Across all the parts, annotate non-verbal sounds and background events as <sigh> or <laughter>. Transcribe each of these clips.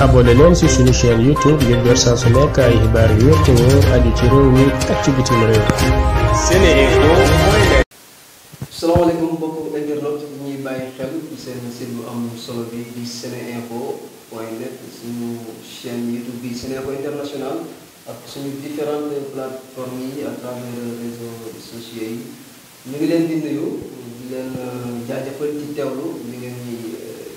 abonné leen ci suñu chaîne YouTube ngir jot saa su yu wér te wóor aju ci réew mi ak ci bitim réew. salaamaaleykum mbokk internet yi solo bi suñu chaîne YouTube bi Seneinfo International ak suñu différentes plateformes yi à réseaux sociaux yi ñu ngi leen di nuyu di leen jaajëfal ci teewlu di ngeen ñuy.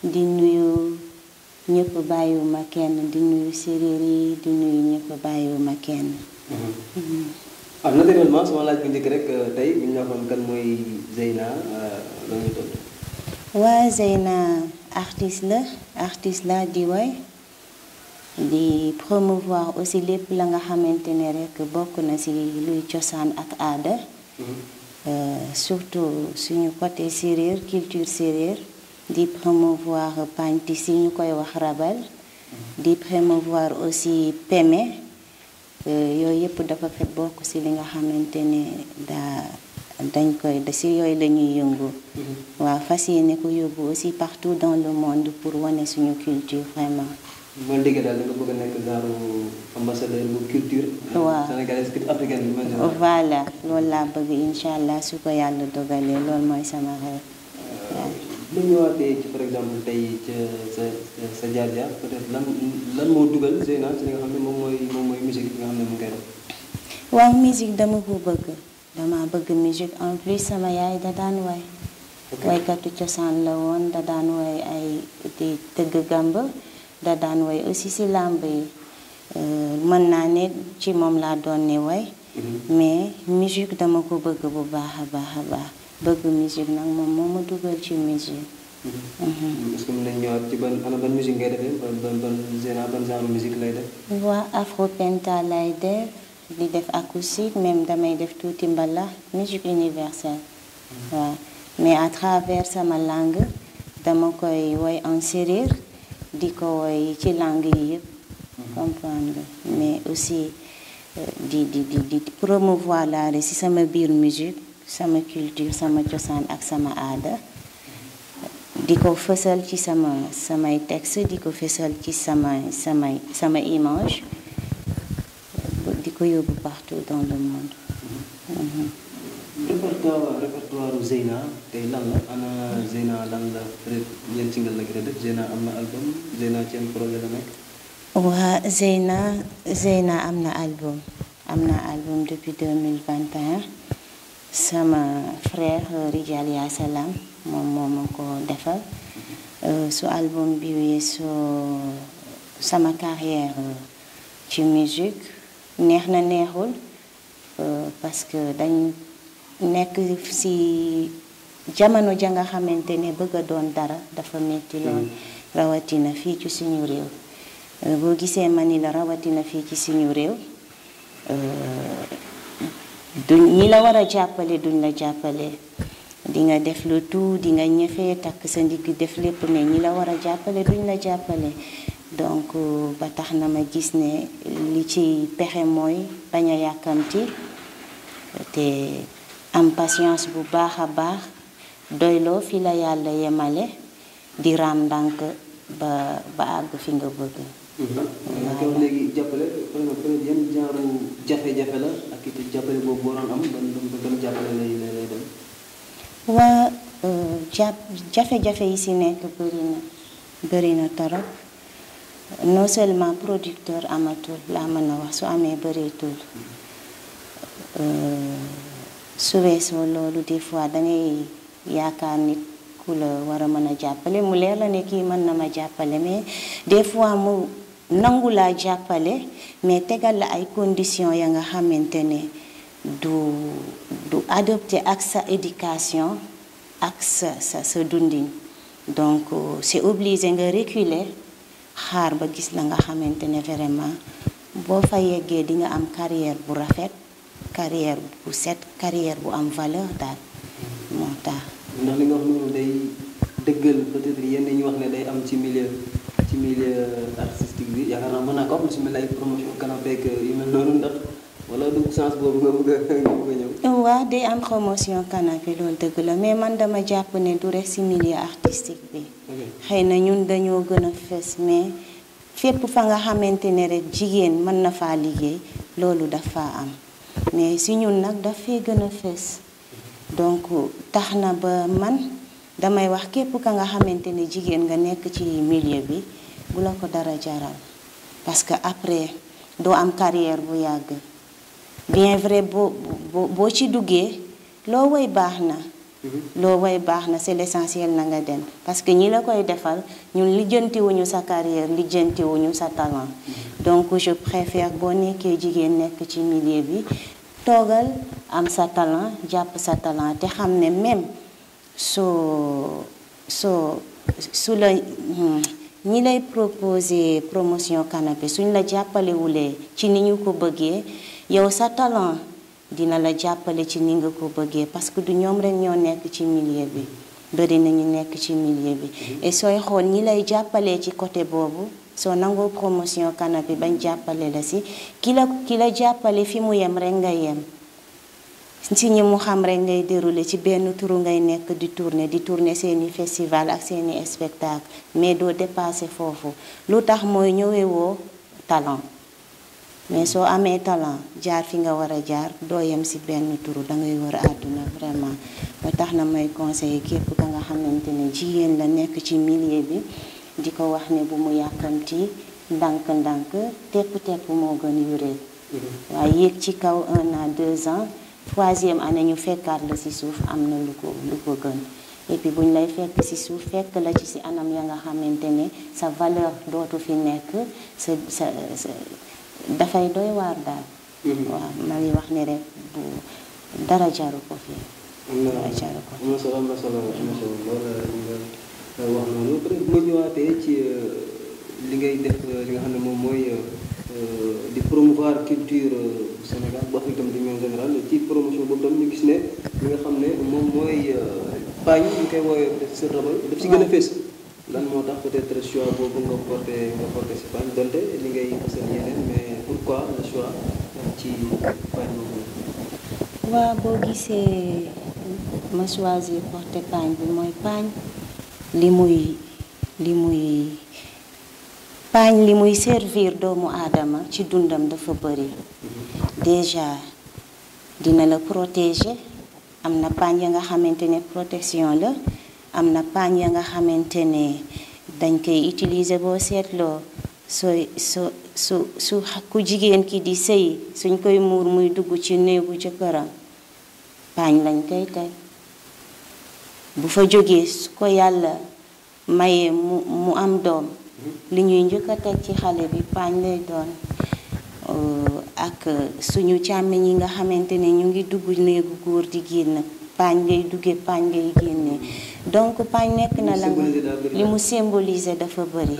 di nuyu ñëpp bàyyiwuma kenn di nuyu séeréer yi di nuyu ñëpp bàyyiwuma kenn. am na également laaj bu njëkk rek euh, tey bu ñu la waxoon kan mooy Zeyna euh, la aussi lépp la nga xamante ne rek bokk na ci luy cosaan ak aada. Mm-hmm. Euh, surtout suñu côté séeréer culture séeréer. di promouvoir pantisi ñu koy wax rabal di promouvoir aussi peme euh, yooyu yëpp dafa fet bokk ci li nga xamante ne daa dañ koy da ci yooyu lañuy yëngu mm-hmm. waa fas yéene ko yóbbu aussi partout dans le monde pour wane suñu culture vraiment man dégg daal da voilà loolu laa bëgg incha su ko yàlla dogalee lool mooy sama rêve. Euh, bu ñu mu ngi musique dama ko bëgg dama bëgg musique en plus sama yaay da daan waay. waykatu cosaan la woon da daan woy ay tëgg gàmb da daan way aussi si làmb yi euh, mën naa ne ci moom laa doon ne way mhm. mais musique dama ko bëgg bu baax a baax a baax. bëgg musique nag moom moo ma dugal ci musique. Mm-hmm. est-ce que mën ci ban ana ngay defee ban ban lay def. waa afro penta lay def di def acoustique même damay def tuuti mbalax musique universelle. Mm-hmm. waaw mais à travers sama langue dama koy woy en séeréer di ko woy ci langue yi yëpp. Mm-hmm. comprendre mais aussi euh, di di di di promouvoir la si sama biir musique. sama culture sama cosaan ak sama aada di ko fësal ci sama samay texte di ko fësal ci sama samay sama image di ko yóbbu partout dans le monde répertoire répertoire Zeyna tey lan la am na album Zeyna ci am na album am na album depuis 2021 sama frère euh, Rijal Yaa Salaam moom moo ma ko defal euh, su album bi weesu sama carrière euh, ci musique neex na neexul parce que dañ nekk si jamono ja nga xamante ne bëgg a doon dara dafa metti lool mm. rawatina fii ci suñu réew boo gisee ma ni la rawatina fii ci suñu réew duñ ñi la war a jàppale duñ la jàppale dinga nga def lu tout di nga ñëfee takk sa ndigg def lépp mais ñi la war a jàppale duñ la jàppale donc euh, ba tax na ma gis ne li ci pexe mooy bañ a yàkkamti te am patience bu baax a baax doyloo fi la yàlla yemale di raam ndànk ba ba àgg fi nga bëgg Mm-hmm. ndax ki wax jafe-jafe la waa euh, jàpp jafe-jafe yi si nekk bëri na bëri na torop non seulement producteur amatul laa mën a wax su amee bëreetul mm-hmm. euh, su weesoo loolu des fois dangay yaakaar nit ku la war a mën a jàppale mu leer la ne kii mën na ma jàppale mais des mu. nangu laa jàppale mais tegal la ay conditions ya nga xamante ne du du adopté ak sa éducation ak sa sa sa dundin donc euh, c'est obligé nga reculer xaar ba gis la nga xamante ne vraiment boo fa yeggee di am carrière bu rafet carrière bu set carrière bu am valeur daal moo tax. ndax li nga wax day dëggal yenn ñu wax ne day am ci milieu ci milieu public bi yaakaar am lu si mel ay promotion kanam beeg <laughs> loolu dëgg la mais man dama jàpp ne du rek si milieu artistique bi. xëy na ñun dañoo gën a fës mais fépp fa nga xamante ne rek jigéen mën na faa liggéey loolu dafa am mais si ñun nag daf fee gën a fës donc tax na ba man damay wax képp ka nga xamante ne jigéen nga nekk ci millier bi. bu la ko dara jaral parce que après doo am carrière bu yàgg bien vrai boo boo ci duggee loo woy baax na mhm. loo woy baax na c'est l'essentiel na nga dem parce que ñi la koy defal ñun lijjantiwuñu sa carrière lijjantiwuñu sa talent mhm. donc je préfère boo nekkee jigéen nekk ci milieu bi toogal am sa talent jàpp sa talent te xam ne même soo soo su la ñi lay proposer promotion canapé suñ la jàppalewulee ci ni ñu ko bëggee yow sa talent dina la jàppale ci ni nga ko bëggee parce que du ñoom rek ñoo nekk ci milieu bi bëri nañu nekk ci milieu bi mm-hmm. et sooy xool ñi lay jàppalee ci côté boobu soo nangoo promotion canapé bañ jàppale la si ki la ki la jàppale fi mu yem rek nga yem ci ñi mu xam rek ngay déroulé ci benn turu ngay nekk di tourné di tourné seeni festival ak seeni spectacle mais doo dépasé foofu lu tax mooy ñëwee woo talent mais soo amee talent jaar fi nga war a jaar doo yem si benn turu dangay war a àdduna vraiment moo tax na may conseillé képp ka nga xamante ne jigéen la nekk ci milieu bi di ko wax ne bu mu yàkkamti ndànk-ndànk tepp-tepp moo gën yuréel mm-hmm. waaye yéeg ci kaw un an deux ans troisième année ñu fekkaat la ci suuf am na lu ko lu ko gën et puis bu ñu lay fekk ci suuf fekk la ci ci anam ya nga xamante ne sa valeur dootu fi nekk sa sa dafay doy waar daal. Mm-hmm. waaw ma ngi wax ne rek bu dara jaru ko fi. dara jaru ko fi am na solo am na solo am na solo loolu euh, la ñu euh, wax noonu peut-être bu ma ñëwaatee ci euh, li ngay def li nga xam ne moom mooy. Euh, di promouvoir culture euh, Sénégal bu Afrique tamit di ñëw général ci promotion boobu tam ñu gis ne li nga xam ne moom mooy euh, pañ ñu koy woowee sa rabal daf si gën a fees lan moo tax peut-être choix boobu nga porté nga porté si pañ donte li ngay fasal yeneen mais pourquoi le choix ci pañ boobu mooy pañ li muy li muy paañ li muy servir doomu aadama ci dundam dafa bari déjà dina la protéger am na paañ ya nga xamante ne protection la am na paañ ya nga xamante ne dañ koy utiliser boo seetloo sooy so su su ku jigéen ki di sëy suñ koy muur muy dugg ci néegu jëkkëram paañ lañ koy teg bu fa jógee su ko yàlla mayee mu mu am doom li ñuy njëkk a teg ci xale bi paañ lay doon euh, ak suñu càmmiñ yi nga xamante ne ñu ngi dugg néegu góor di génn paañ lay duggee donc paañ nekk na la li mu symboliser dafa bëri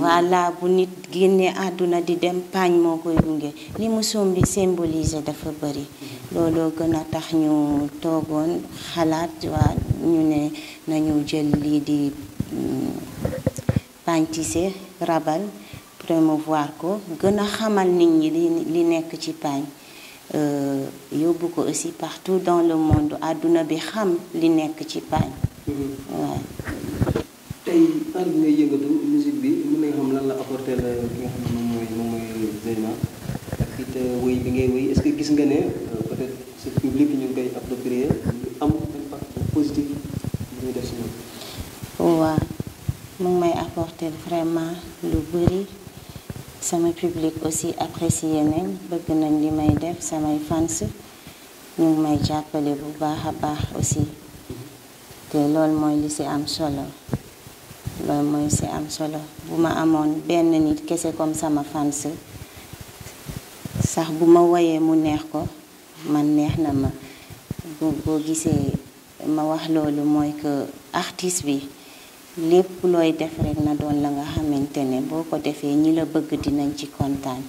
voilà bu nit génnee àdduna di dem paañ moo koy dunge li mu sombi symboliser dafa bëri looloo gën a tax ñu toogoon xalaat waa ñu ne nañu jël lii di pañtise rabal promouvoir ko gën a xamal nit ñi li li nekk ci pañ euh, yóbbu ko aussi partout dans le monde àdduna bi xam li nekk ci pañ mm-hmm. waaw tey ànd bi ngay yëngatu musique bi mën nañu xam lan la apporté la ki nga xam ne mooy moom mooy Zeyna ak it euh, wéy bi ngay wéy est gis nga ne euh, peut-être ce public ñu ngi koy approprier am impact positif bu ñuy def si ñoom mu ngi may apporter vraiment lu bëri sama public aussi apprécié nañ bëgg nañ li may def samay fans ñu may jàppale bu baax a baax aussi te loolu mooy lu si am solo loolu mooy ci am solo bu ma amoon benn nit kese comme sama fans sax bu ma woyee mu neex ko man neex na ma boo gisee ma wax loolu mooy que artiste bi lépp looy def rek na doon la nga xamante ne boo ko defee ñi la bëgg dinañ ci kontaan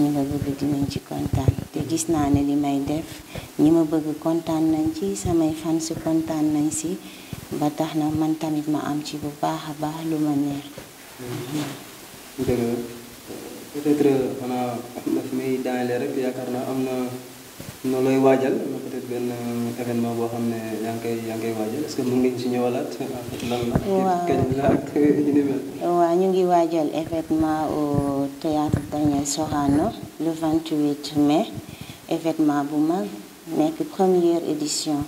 ñi ma bëgg dinañ ci kontaan te gis naa ne li may def ñi ma bëgg kontaan nañ ci samay fans kontaan nañ si ba tax na man tamit ma am ci bu baax a baax lu ma neex. peut non looy waajal peut-être euh, waajal est que mën ngeen si ñëwalaat euh, lan ñu ngi waajal événement au théâtre Daniel Sorano le 28 événement bu mag nekk première édition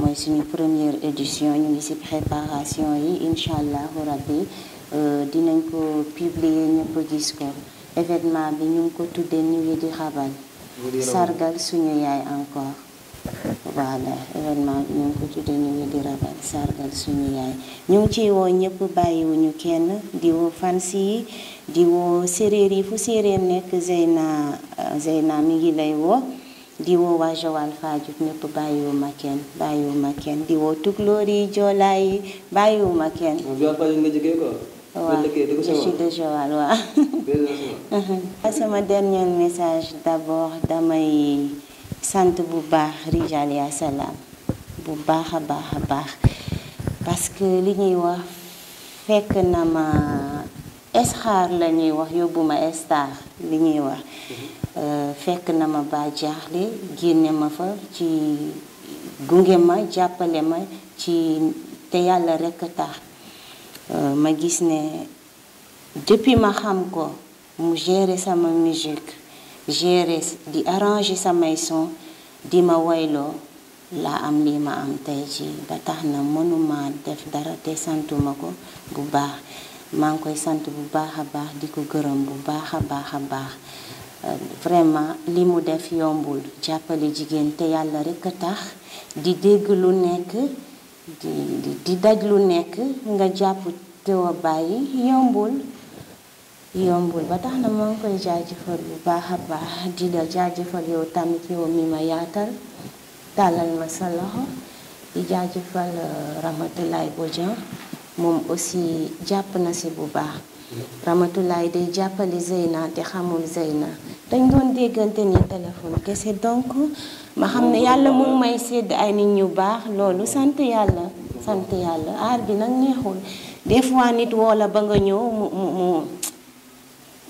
mooy suñu première édition ñu ngi si préparation yi incha allahu rabbi euh, dinañ ko publier ñëpp gis événement bi ñu ngi ko tuddee ñu ngi di xabal. sargal suñu yaay encore voilà événement bi ko tuddee ñu ngi di rabal sargal suñu yaay ñu ngi ciy woo ñëpp bàyyiwuñu kenn di fansi fans yi di woo séeréer yi fu séeréer nekk Zeyna euh, Zeyna mi ngi lay woo di woo waa Joal bàyyiwuma kenn bàyyiwuma kenn di woo yi joolaa yi bàyyiwuma kenn. waaw je suis de Joal waaw. <laughs> <laughs> sama dernier message d'abord damay sant bu baax Rijal ya salaam bu baax a baax a baax parce li ñuy wax fekk na ma esxaar la wax yóbbu ma estar li ñuy wax mm-hmm. euh, fekk na ma ba jaaxle génne ma fa ci gunge ma jàppale ma ci te yàlla rekk tax Euh, ma gis ne depuis ma xam ko mu gérer sama musique gérer di arrange samay son di ma woyloo laa am lii ma am tey jii ba tax na mënuma def dara te santuma ko bu baax maa ngi koy sant bu baax a baax di ko gërëm bu baax a baax a baax euh, vraiment li mu def yombul jàppale jigéen te yàlla rekk a tax di dégg lu nekk di di daj lu nekk nga jàpp teew a bàyyi yombul yombul ba tax na maa ngi koy jaajëfal bu baax a baax di la jaajëfal yow tamit yow mi ma yaatal tàllal ma sa loxo di jaajëfal euh, Ramatoulaye Bodian moom aussi jàpp na si bu baax. Ramatoulaye day jàppale Zeyna te xamul Zeyna dañ doon déggante ni téléphone kese donk ma xam ne yàlla mu may sedd ay nit ñu baax loolu sant yàlla sant yàlla aar bi nag neexul des fois nit woo la ba nga ñëw mu mu mu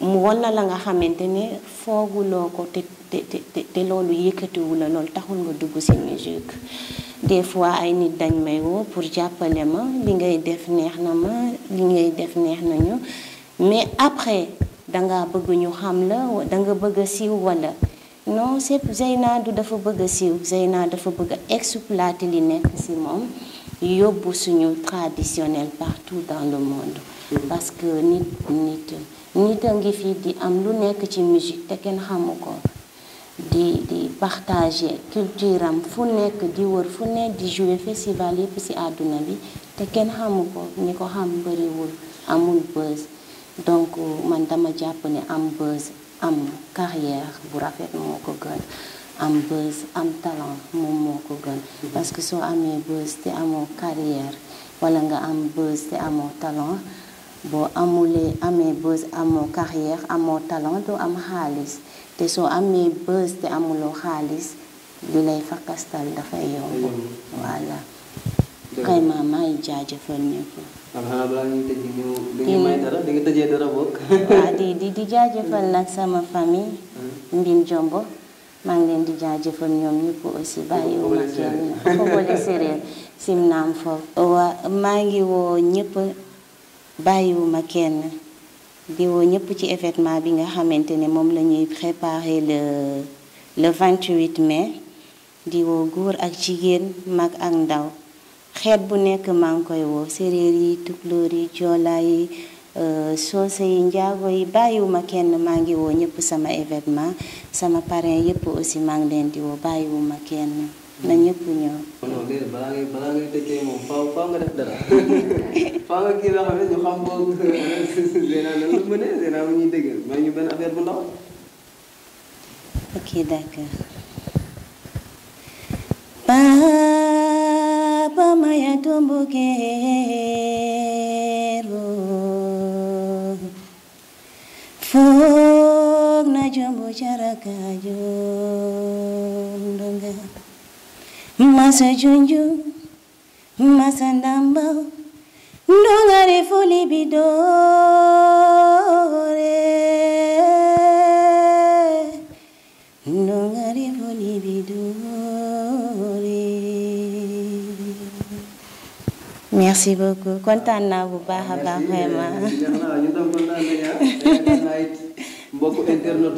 mu won la nga xamante ne fooguloo ko te te te loolu yëkkatiwu la loolu taxul nga dugg ci musique des fois ay nit dañ may woo pour jàppale ma li ngay def neex na ma li ngay def neex nañu mais après danga bëgg ñu xam la danga bëgg siiw walla non c'est Zeyna du dafa bëgg a siiw Zeyna dafa bëgg a li nekk ci moom yóbbu suñu traditionnel partout dans le monde parce que nit nit nit a ngi fi di am lu nekk ci musique te kenn xamu ko di di partager culture am fu nekk di wër fu nekk di jouer festival yépp ci àdduna bi te kenn xamu ko ni ko xam bariwul amul buzz donc man dama jàpp ni am buzz am carrière bu rafet moo ko gën am buzz am talent moom moo ko gën parce que soo amee buzz te amoo carrière wala nga am buzz te amoo talent boo amulee amee buzz amoo carrière amoo talent am xaalis te soo amee buzz te amuloo xaalis li lay fakastal dafay yomb voilà vraiment maa di di di jaajëfal nag sama famille hmm. Mbin Jombo maa ngi leen di jaajëfal ñoom ñëpp aussi bàyyiwuma kenn Fobole Séréer simnaam foofu maa ngi woo ñëpp bàyyiwuma kenn di woo ñëpp ci événement bi nga xamante ni moom la ñuy préparer le le 28 mai di góor ak jigéen mag ak ndaw xeet bu nekk maa ngi koy woo séréer yi tukulóor yi joolaa yi euh, soose yi njaago yi bàyyiwuma kenn maa ngi woo ñëpp sama événement sama parrain yëpp aussi maa ngi leen di woo bàyyiwuma kenn na ñëpp ñëw. non déedéet balaa ngay balaa nga def dara faaw nga kii xam ne ñu xam boobu Zeyna lan la mën a Zeyna bu ñuy dégg may ñu benn affaire bu ndaw. ok d'accord. Baba maya tumbukero foog na jumbu masa junju masa ndambao ndonga refu libidore ndonga refu libidore merci beaucoup kontaan naa bu baax a baax mbokku internet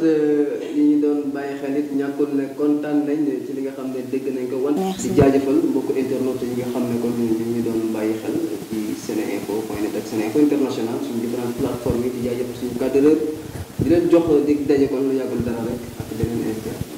yi ñu doon bàyyi xel it ñàkkul ne kontaan nañ ci li nga xam ne dégg nañ ko wan. si jaajëfal mbokk internet yi nga xam ne kon ñu ñu doon bàyyi xel ci seneinfo point net ak seneinfo international suñu différentes plateformes yi di jaajëfal suñu cadreur di leen jox dig daje kon lu yàggul dara rek ak beneen invité.